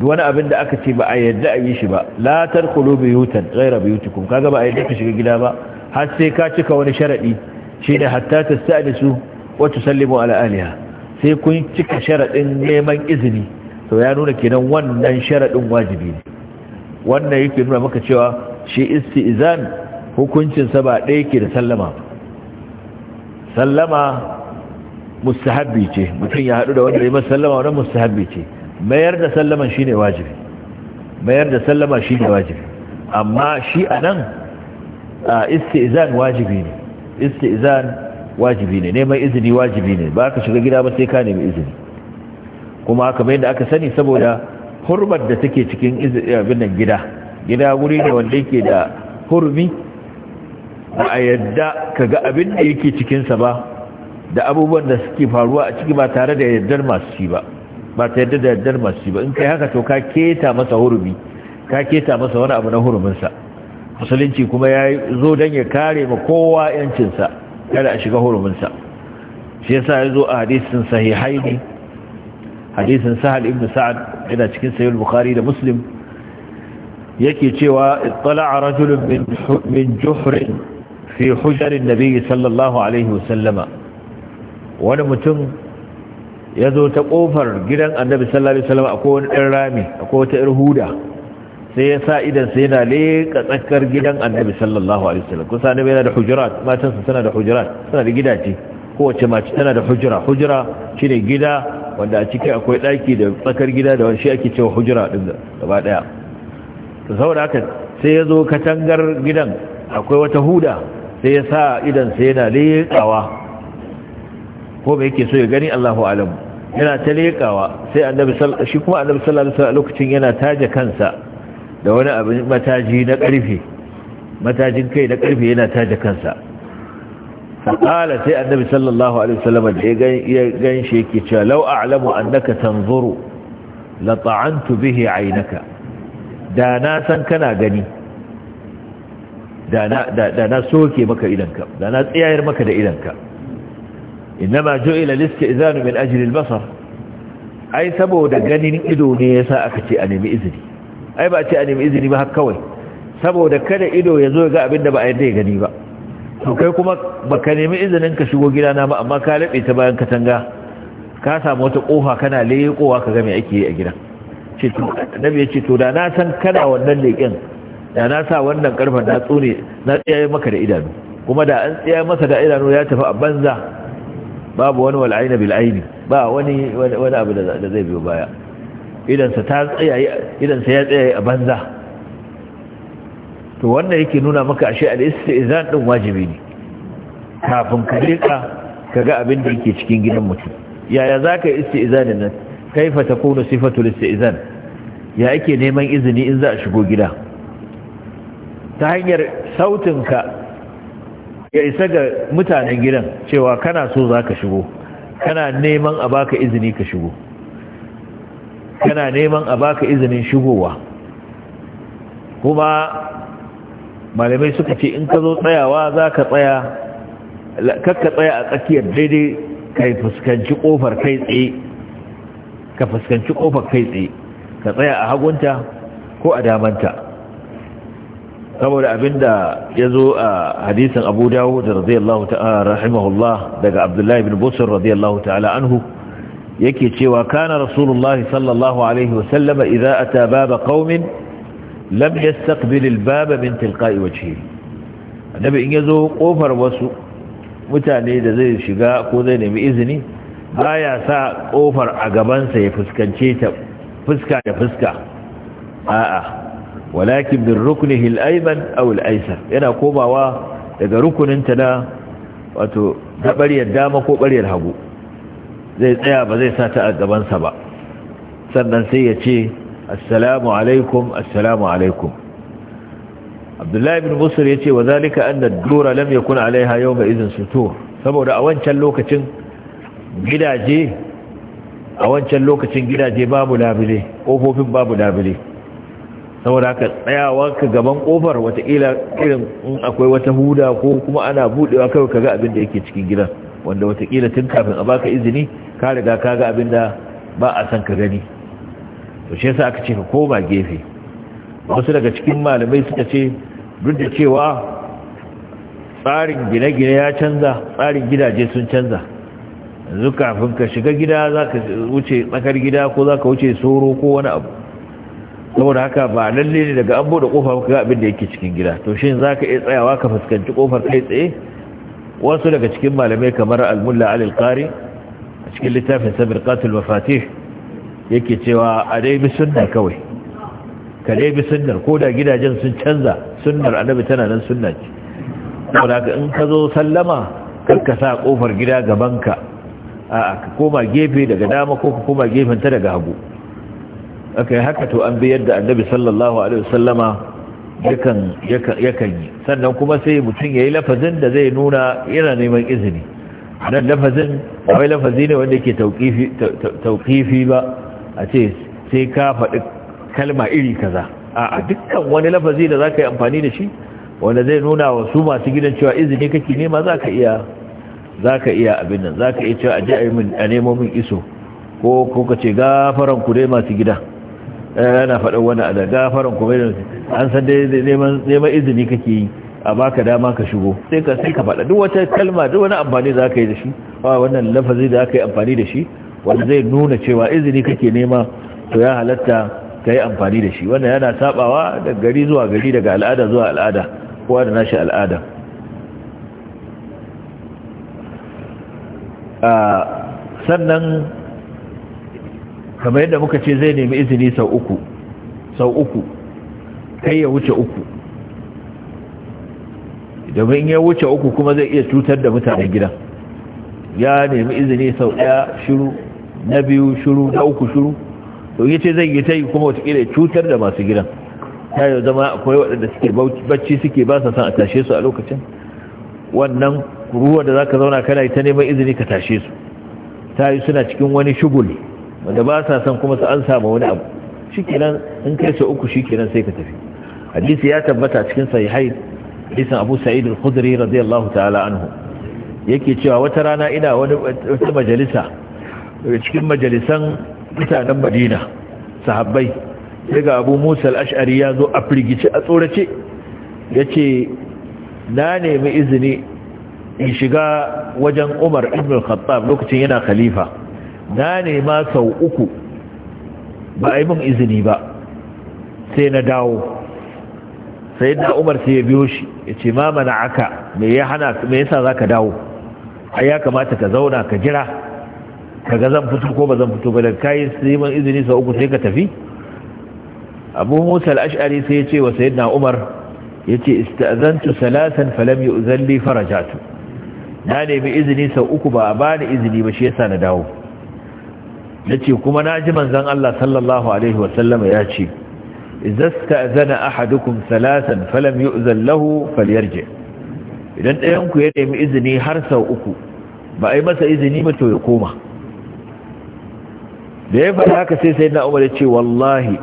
duk wani abin da aka ce ba a yadda a yi shi ba la tadkhulu buyutan ghayra buyutikum kaga ba a yadda ka shiga gida ba har sai ka cika wani sharadi shine hatta tasta'nisu wa wata ala ahliha sai kun cika sharadin neman izini to ya nuna kenan wannan sharaɗin wajibi ne wannan yake nuna maka cewa shi isti'zan hukuncin hukuncinsa ba ɗaya ke da sallama sallama mustahabbi ce mutum ya haɗu da wanda ya masa sallama wannan mustahabbi ce mayar da sallama shine wajibi mayar da sallama ne wajibi amma shi nan nan wajibi ne isti'izan wajibi ne neman izini wajibi ne ba ka shiga gida ba sai ka nemi izini kuma mai da aka sani saboda hurmar da take cikin abin gida gida wuri ne wanda yake da hurmi a yadda ka ga abin da yake cikinsa ba da abubuwan da suke faruwa a ciki ba tare da yardar masu shi ba ba ta yadda da yardar masu ba in kai haka to ka keta masa hurumi ka keta masa wani abu na huruminsa musulunci kuma ya zo don ya kare ma kowa yancinsa kada a shiga huruminsa shi yasa ya zo a hadisin sahihai ne hadisin sahal ibn sa'ad yana cikin sahih bukhari da muslim yake cewa ittala'a rajulun min min juhrin fi hujarin nabi sallallahu alaihi wasallama wani mutum ya zo ta kofar gidan annabi sallallahu alaihi wasallam akwai wani ɗan rami akwai wata ɗan huda sai ya sa idan sai yana leƙa tsakar gidan annabi sallallahu alaihi wasallam kusa annabi yana da hujurat matansa tana da hujurat tana da gidaje kowace mace tana da hujura hujura shine gida wanda a ciki akwai ɗaki da tsakar gida da wani shi ake cewa hujura da gaba ɗaya to saboda haka sai ya zo katangar gidan akwai wata huda sai ya sa idan sai yana leƙawa ko bai yake so ya gani Allahu a'lamu yana ta leƙawa sai annabi shi kuma annabi sallallahu alaihi wasallam lokacin yana taje kansa da wani abin mataji na ƙarfe matajin kai na ƙarfe yana taje kansa faƙala sai annabi sallallahu alaihi wasallam da ya gan shi yake cewa law a'lamu annaka tanzuru la ta'antu bihi aynaka da na san kana gani da na soke maka idanka da na tsayayar maka da idanka inma ju'ila al-istizanu min ajli basar ai saboda ganin ido ne yasa aka ce a nemi izini ai ba a ce a nemi izini ba har kawai saboda kada ido ya zo ya ga abin da ba a yadda ya gani ba to kai kuma baka nemi izinin ka shigo gidana ba amma ka laɓe ta bayan katanga ka samu wata ƙofa kana leƙowa ka ga me yi a gidan ce to annabi da na san kana wannan leƙen da na sa wannan karfan na tsone na tsaye maka da idanu kuma da an tsaye masa da idanu ya tafi a banza babu wani wal'aina bil ba wani wani abu da zai biyo baya idan sa ya tsaya a banza to wannan yake nuna maka ashe al-istizan din wajibi ne kafin ka rika ga abin da yake cikin gidan mutum yaya zaka istizanin nan kaifa na sifatul istizan ya ake neman izini in za a shigo gida ta hanyar sautinka ya isa ga mutanen gidan cewa kana so za ka shigo kana neman a baka izini ka shigo kana neman a baka izinin shigowa kuma malamai suka ce in ka zo tsayawa za ka tsaya kakka tsaya a tsakiyar daidai ka fuskanci kofar kai tsaye ka fuskanci kofar kai tsaye ka tsaya a hagunta ko a damanta saboda abinda ya zo a hadisin abu dawud radiyallahu ta'ala rahimahullah daga abdullahi Ibn busur radiyallahu ta'ala anhu yake cewa kana rasulullahi sallallahu alaihi wasallama idza ata baba qaumin lam yastaqbil albaba min tilqa'i wajhihi annabi in yazo kofar wasu mutane da zai shiga ko zai nemi izini baya sa kofar a gaban sa ya fuskance ta fuska da fuska a'a walakin bin rukunihi al'aiman aw al'aisar yana komawa daga rukuninta na wato ta ɓaryar dama ko ɓaryar hagu zai tsaya ba zai sa ta a ba sannan sai ya ce assalamu alaikum assalamu alaikum abdullahi bin musul ya ce wa zalika an da dora lam ya kuna alaiha yau mai izin sutur saboda a wancan lokacin gidaje a wancan lokacin gidaje babu labule ƙofofin babu labule saboda ka tsayawa ka gaban kofar wataƙila irin in akwai wata huda ko kuma ana buɗewa kawai ka ga abin da yake cikin gidan wanda wataƙila tun kafin a baka izini ka riga ka ga abin da ba a san ka gani to shi yasa aka ce ka koma gefe wasu daga cikin malamai suka ce duk da cewa tsarin gine-gine ya canza tsarin gidaje sun canza yanzu kafin ka shiga gida za ka wuce tsakar gida ko za ka wuce soro ko wani abu saboda haka ba lalle ne daga an da kofa ga abin da yake cikin gida to shin zaka iya tsayawa ka fuskanci kofar kai tsaye wasu daga cikin malamai kamar al-mulla al-qari a cikin littafin sabirqatul mafatih yake cewa a dai bi sunna kawai ka dai bi sunnar ko da gidajen sun canza sunnar annabi tana nan sunna ce saboda haka in ka zo sallama kar ka sa kofar gida gaban ka a koma gefe daga dama ko ka koma gefen ta daga hagu aka yi haka to an bi yadda annabi sallallahu alaihi wasallama yakan yi sannan kuma sai mutum ya yi lafazin da zai nuna yana neman izini nan lafazin wai lafazi ne wanda ke taukifi ba a ce sai ka faɗi kalma iri kaza a dukkan wani lafazi da za ka yi amfani da shi wanda zai nuna wa su masu gidan cewa izini kake nema za ka iya za ka iya abin nan za ka iya cewa a ji a nemo min iso ko ka ce gafaran ku dai masu gida Eh, yana faɗin wani a da gafaran kuma an san dai neman izini kake yi a baka dama ka shigo sai ka sai ka faɗa duk wata kalma duk wani amfani za ka yi da shi ba wannan lafazi da aka yi amfani da shi wanda zai nuna cewa izini kake nema to ya halatta ka yi amfani da shi wannan yana sabawa daga gari zuwa gari daga al'ada zuwa al'ada kowa da nashi al'ada ah, sannan kamar yadda muka ce zai nemi izini sau uku sau uku kai ya wuce uku domin ya wuce uku kuma zai iya cutar da mutanen gidan ya nemi izini sau ɗaya shiru na biyu shiru na uku shiru to yi ce zai yi ta yi kuma watakila ya cutar da masu gidan ta yi zama akwai waɗanda suke bacci suke ba sa san a tashe su a lokacin wannan ruwa da za ka zauna kana yi ta neman izini ka tashe su ta yi suna cikin wani shuguli wanda ba sa son kuma su an samu wani abu shikenan in kai su uku shikenan sai ka tafi hadisi ya tabbata cikin sahihai hadisin Abu Sa'id al-Khudri radiyallahu ta'ala anhu yake cewa wata rana ina wani wata majalisa cikin majalisan mutanen Madina sahabbai daga Abu Musa al-Ash'ari ya zo a firgici a tsorace yace na nemi izini in shiga wajen Umar ibn al-Khattab lokacin yana khalifa na nema sau uku ba a yi min izini ba sai na dawo sai na umar sai ya biyo shi ya ce ma mana aka me ya hana mai yasa za ka dawo a ya kamata ka zauna ka jira kaga zan fito ko ba zan fito ba da kayi sai min izini sau uku sai ka tafi abu musa al'ashari sai ya ce wa sayyidina umar ya ce istazantu salasan falam yi uzalli farajatu na nemi izini sau uku ba a bani izini ba shi yasa na dawo yace kuma naji manzon Allah sallallahu alaihi wasallam ya ce idza sta'zana ahadukum thalathan falam yu'zan lahu falyarje idan ɗayan ku ya nemi izini har sau uku ba a yi masa izini ba to ya koma da ya faɗa haka sai sai na umar ya ce wallahi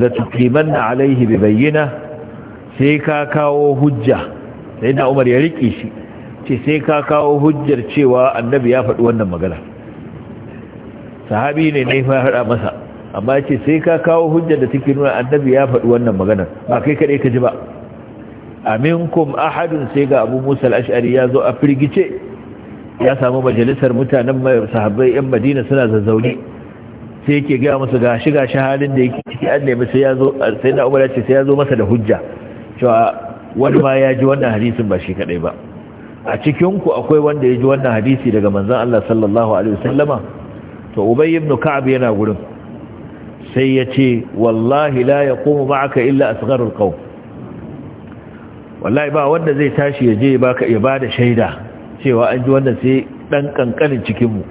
za tukiman na alaihi bai bayyana sai ka kawo hujja sai na umar ya riƙe shi ce sai ka kawo hujjar cewa annabi ya faɗi wannan magana sahabi ne ne fa hada masa amma ce sai ka kawo hujjar da take nuna annabi ya faɗi wannan magana ba kai kaɗai ka ji ba aminkum ahadun sai ga abu musa ashari ya zo a firgice ya samu majalisar mutanen mai sahabbai yan madina suna zazzauni sai yake gaya musu ga shiga shi halin da yake ciki an nemi sai ya zo sai na umar ce sai ya zo masa da hujja cewa wani ma ya ji wannan hadisin ba shi kadai ba a cikinku akwai wanda ya ji wannan hadisi daga manzon Allah sallallahu alaihi wasallama to ubay ibn ka'ab yana gurin sai ya ce wallahi la yaqumu ma'aka illa asgharul qawm wallahi ba wanda zai tashi ya je baka ya bada shaida cewa an ji wannan sai dan kankanin cikin mu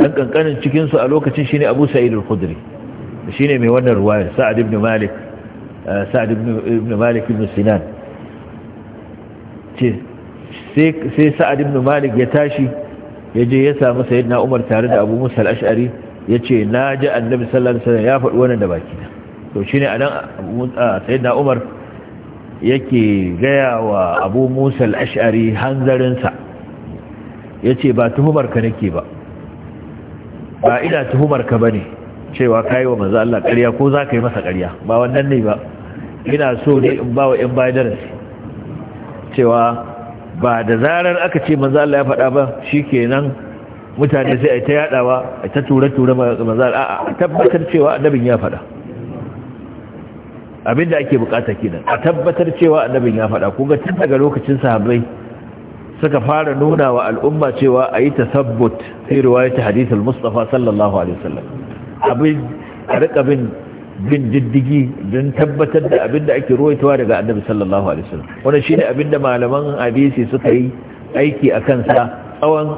dan kankanin cikin su a lokacin shine Abu Sa'id al-Khudri shine mai wannan ruwayar Sa'ad ibn Malik eh, Sa'ad ibn Malik ibn Sinan ce sai Sa'ad ibn Malik ya tashi ya je ya samu sayyidina umar tare da abu musa al ya ce na ji annabi sallallahu ya faɗi wannan da baki na to nan anan sayyidina umar yake gaya wa abu musa al hanzarinsa ya ce ba tuhumar ka nake ba ba ina tuhumar ka ne? cewa yi wa maza Allah ƙarya ko za ka yi masa ƙarya ba wannan ne ba ina so ne in ba wa 'yan bayan darasi cewa ba da zarar aka ce manzo Allah ya faɗa ba shikenan mutane sai a ta yadawa a ta tura-tura manzo Allah a tabbatar cewa annabin ya faɗa abinda ake bukata kenan a tabbatar cewa annabin ya faɗa kuma tun daga lokacin sahabbai suka fara nuna wa al'umma cewa a yi tasabbut sai ya ta hadisar mustafa sallallahu alaihi wasallam abin a bin diddigi don tabbatar da abin da ake ruwaitowa daga annabi sallallahu alaihi wasallam wannan shine abin da malaman hadisi suka yi aiki a kansa tsawon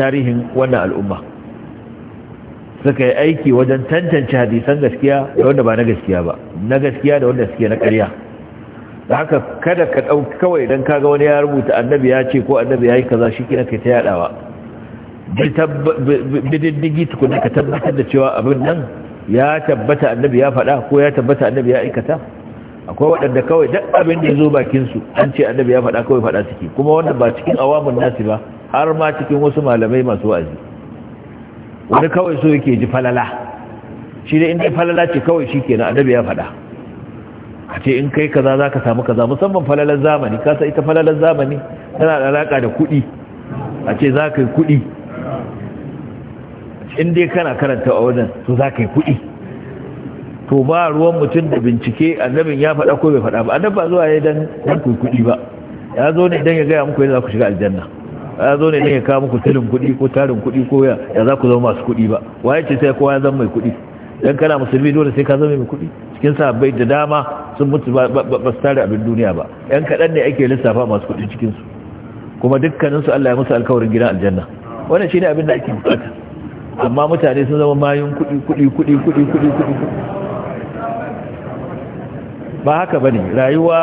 tarihin wannan al'umma suka yi aiki wajen tantance hadisan gaskiya da wanda ba na gaskiya ba na gaskiya da wanda suke na ƙarya da haka kada ka ɗauki kawai don kaga wani ya rubuta annabi ya ce ko annabi ya yi kaza shi kina kai ta yaɗawa bididdigi tukuna ka tabbatar da cewa abin nan ya tabbata annabi ya faɗa ko ya tabbata annabi ya aikata akwai waɗanda kawai duk abin da ya zo bakinsu an ce annabi ya faɗa kawai faɗa ciki kuma wannan ba cikin awamun nasi ba har ma cikin wasu malamai masu wa'azi wani kawai so yake ji falala shi dai in falala ce kawai shi kenan annabi ya faɗa a ce in kai kaza za ka samu kaza musamman falalar zamani ka sa ita falalar zamani tana da alaƙa da kuɗi a ce za ka yi kuɗi in dai kana karanta a wajen to za ka yi kuɗi to ba ruwan mutum da bincike annabin ya faɗa ko bai faɗa ba annabin ba zuwa yayin dan ku kuɗi ba ya zo ne dan ya gaya muku yadda za ku shiga aljanna ya zo ne dan ya kawo muku tilin kuɗi ko tarin kuɗi ko ya za ku zama masu kuɗi ba waye ce sai kowa ya zama mai kuɗi dan kana musulmi dole sai ka zama mai kuɗi cikin sahabbai da dama sun mutu ba su tare abin duniya ba yan kaɗan ne ake lissafa masu kuɗi cikinsu kuma dukkaninsu Allah ya musu alkawarin gidan aljanna wannan shine abin da ake bukata amma mutane sun zama mayun kudi kudi kudi kudi kudi kudi ba haka bane rayuwa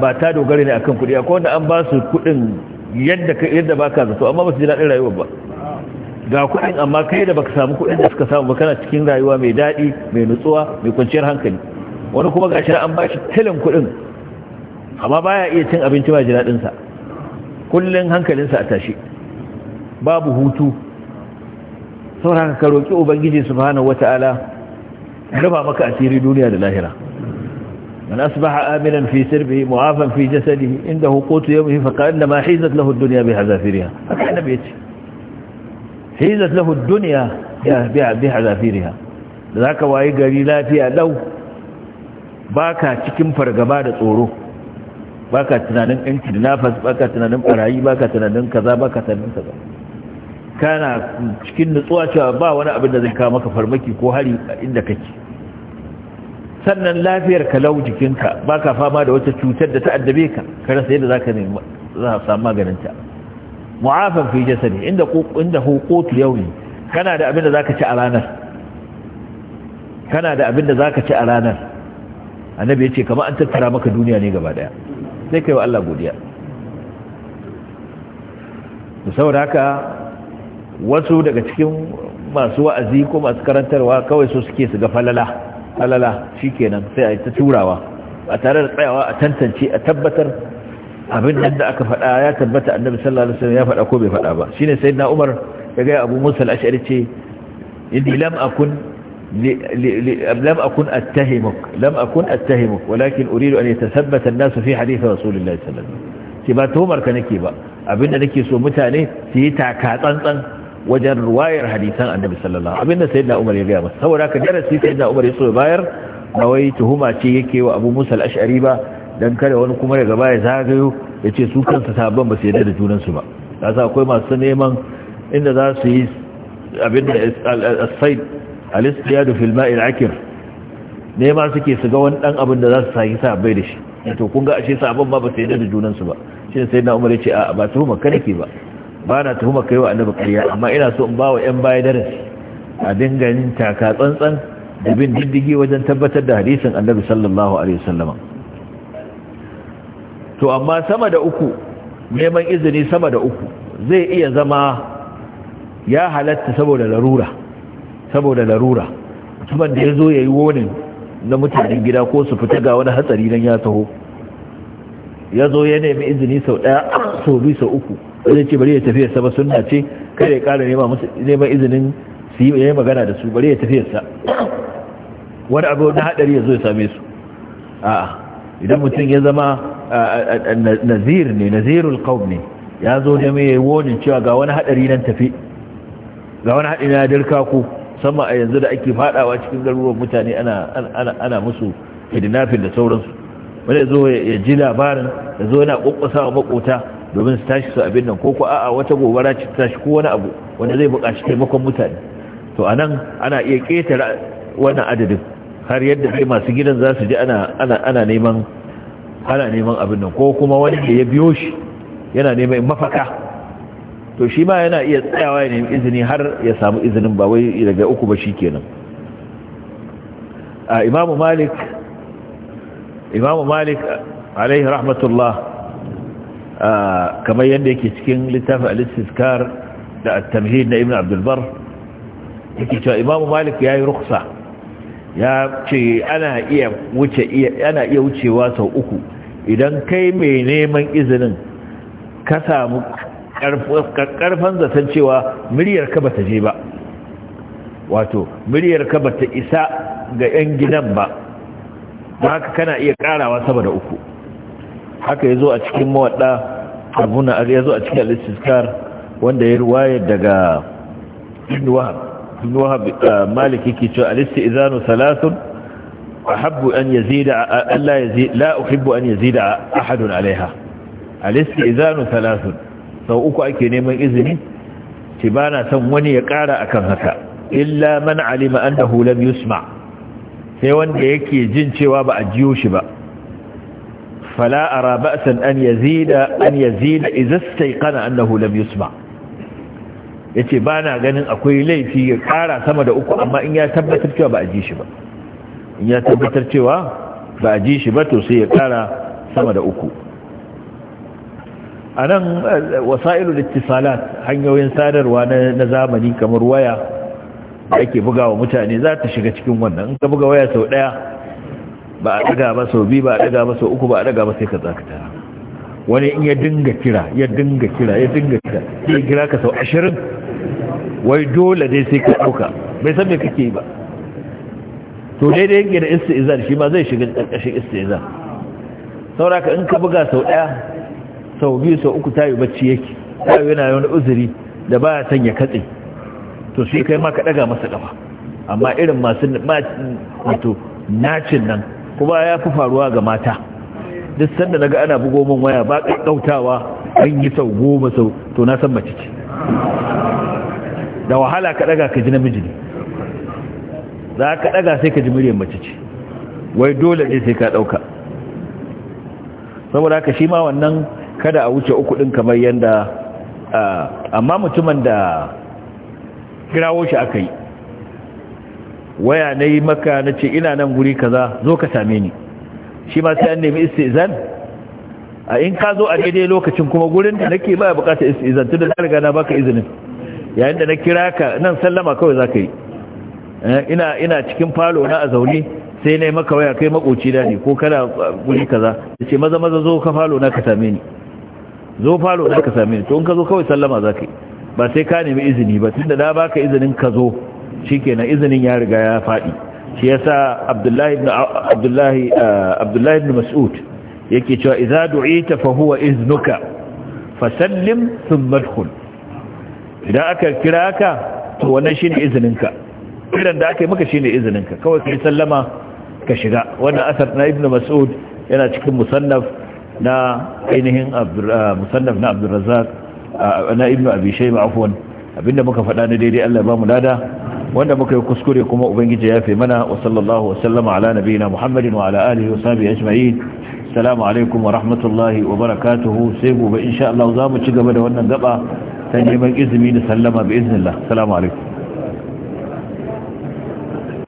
ba ta dogara ne akan kuɗi akwai wanda an ba su kudin yadda yadda baka zato amma ba su ji daɗin rayuwa ba ga kudin amma kai da baka samu kuɗin da suka samu ba kana cikin rayuwa mai daɗi mai nutsuwa mai kwanciyar hankali wani kuma gashi an ba shi talin kuɗin amma baya iya cin abinci ba ji daɗinsa kullun hankalinsa a tashi babu hutu Sauran ka roƙi ubangiji subhanahu wata'ala raba maka asiri duniya da lahira man asbaha aminan fi sirbihi mu'afan fi jasadihi inda qutu yawmihi fa kana ma hizat lahu ad-dunya bi hazafiriha haka annabi yace hizat lahu ad-dunya bi hazafiriha zaka wayi gari lafiya lau baka cikin fargaba da tsoro baka tunanin ɗan kidnappers baka tunanin barayi baka tunanin kaza baka tunanin kaza kana cikin nutsuwa cewa ba wani abin da zai kawo maka farmaki ko hari a inda kake sannan lafiyar ka lau jikinka ba ka fama da wata cutar da ta addabe ka ka rasa yadda za ka samu maganinta mu'afan fi jasadi inda inda hukutu ne. kana da abin da zaka ci a ranar kana da abin da zaka ci a ranar annabi yace kamar an tattara maka duniya ne gaba daya sai kai wa Allah godiya saboda haka wasu daga cikin masu wa'azi ko masu karantarwa kawai su suke su ga falala falala shikenan sai a ta turawa a tare da tsayawa a tantance a tabbatar abin nan da aka faɗa ya tabbata annabi sallallahu alaihi wasallam ya faɗa ko bai faɗa ba shine sayyidina Umar ya ga Abu Musa al-Ash'ari ce inni lam akun lam akun attahimuk lam akun attahimuk walakin uridu an yatathabbata an-nas fi hadith rasulillahi sallallahu alaihi wasallam ba tuhumar ka nake ba abinda nake so mutane su yi taka tsantsan wajen ruwayar hadisan annabi sallallahu abinda sayyidina umar ya gaya masa saboda haka darasi sayyidina umar ya so ya bayar na wai tuhuma ce yake wa abu musa al-ash'ari ba dan kada wani kuma daga baya zagayo yace su kansu sabon ba su yarda da junansu ba kasa akwai masu neman inda za su yi abinda al-sayd al fi al-ma' al-akir nema suke su ga wani dan abin da za su saki sabai da shi to kun ga ashe sabon ba ba su yarda da junansu ba shi sayyidina umar ya ce a ba tuhuma kada ba ba na tuhuma kai wa annabi ƙarya amma ina so in ba wa 'yan baya darasi a dinganin taka tsantsan da bin diddigi wajen tabbatar da hadisin annabi sallallahu alaihi wasallama to amma sama da uku neman izini sama da uku zai iya zama ya halatta saboda larura saboda larura mutumin da ya zo ya yi wonin na mutanen gida ko su fita ga wani hatsari nan ya taho ya zo ya nemi izini sau ɗaya sau biyu sau uku ba zai ce bari ya tafi ba suna ce kada ya kara nema izinin su yi magana da su bari ya tafi wani abu na hadari ya zo ya same su a'a idan mutum ya zama nazir ne nazirul kawun ne ya zo ne mai wonin cewa ga wani hadari nan tafi ga wani hadari na dirka ku sama a yanzu da ake fadawa cikin garuruwan mutane ana musu hidinafin da sauransu wani zo ya ji labarin ya zo yana kwakwasa wa makota domin su tashi su abin nan ko ko a'a wata gobara ce tashi ko wani abu wanda zai buƙaci taimakon mutane to anan ana iya ƙetare wannan adadin har yadda sai masu gidan za su ji ana neman ana neman abin nan ko kuma wani da ya biyo shi yana neman mafaka to shi ma yana iya tsayawa ya nemi izini har ya samu izinin ba wai daga uku ba shi kenan a imamu malik imamu malik alaihi rahmatullah kamar yadda yake cikin littafin al-istizkar da at-tamhid na ibn abdulbar yake cewa imamu malik ya yi ruksa ya ce ana iya wucewa sau uku idan kai mai neman izinin ka samu karfan zaton cewa miliyar ka bata je ba wato miliyar ka bata isa ga 'yan gidan ba ba haka kana iya karawa sama da uku haka ya zo a cikin mawaɗa abuna ya zo a cikin al'istiskar wanda ya ruwaye daga ibn wahab eh, malik yake cewa alisti izanu salasun ahabbu an yazida Allah yazid la uhibbu an yazida ahadun alaiha alisti izanu salasun sau uku ake neman izini ce ba na son wani ya ƙara kan haka illa man alima annahu lam yusma sai wanda yake jin cewa ba a jiyo shi ba فلا أرى بأسا أن يزيد أن يزيد إذا استيقن أنه لم يسمع yace ba na ganin akwai laifi ya kara sama da uku amma in ya tabbatar cewa ba a ji shi ba in ya tabbatar cewa ba a ji shi ba to sai ya kara sama da uku a nan wasa'ilu littisalat hanyoyin sadarwa na zamani kamar waya da ake bugawa mutane za ta shiga cikin wannan in ka buga waya sau daya ba a daga ba sau biyu ba a daga ba sau uku ba a daga ba sai ka tara. wani in ya dinga kira ya dinga kira ya dinga kira sai kira ka sau ashirin wai dole dai sai ka dauka bai san me kake yi ba to dai-dai, dai yake da istizar shi ma zai shiga ƙarƙashin istizar sauraka in ka buga sau ɗaya sau biyu sau uku tayi bacci yake tayo yana wani uzuri da ba ya sanya katse to sai kai ma ka ɗaga masa gaba amma irin masu wato nacin nan kuma ya fi faruwa ga mata duk sanda naga ana bugo min waya ba kautawa an yi sau goma sau to na san mace ce da wahala ka daga ka ji namiji ne za ka daga sai ka ji muryar mace ce wai dole ne sai ka dauka saboda ka shi ma wannan kada a wuce uku din kamar yanda ah, amma mutumin da kirawo shi aka yi waya na yi maka na ce ina nan guri kaza zo ka same ni shi ma sai an nemi istizan a in ka zo a daidai lokacin kuma gurin da nake ba bukatar istizan tunda na riga na baka izinin yayin da na kira ka nan sallama kawai za ka yi eh, ina ina cikin falo na a zaune sai na yi maka waya kai makoci da ne ko kana guri kaza ya ce maza maza zo ka falo na ka same ni zo falo na ka same ni to in ka zo kawai sallama za ka yi ba sai ka nemi izini ba tunda na baka izinin ka zo na izinin ya riga ya faɗi shi yasa abdullahi ibn uh, abdullahi ibn mas'ud yake cewa iza du'ita fa huwa iznuka fasallim thumma adkhul idan aka kira ka to wannan shine izininka idan da aka yi maka shine izininka kawai kai sallama ka shiga wannan asar na ibn mas'ud yana cikin musannaf na ainihin uh, musannaf na abdulrazak uh, na ibn abi shayba abinda muka faɗa na daidai Allah ba mu lada wanda muka yi kuskure kuma ubangiji ya fi mana wa sallallahu wa sallama ala nabina muhammadin wa ala alihi wa sahbihi ajma'in assalamu alaikum wa rahmatullahi wa barakatuhu sai gobe insha Allah za mu ci gaba da wannan gaba ta neman izini da sallama bi iznillah assalamu alaikum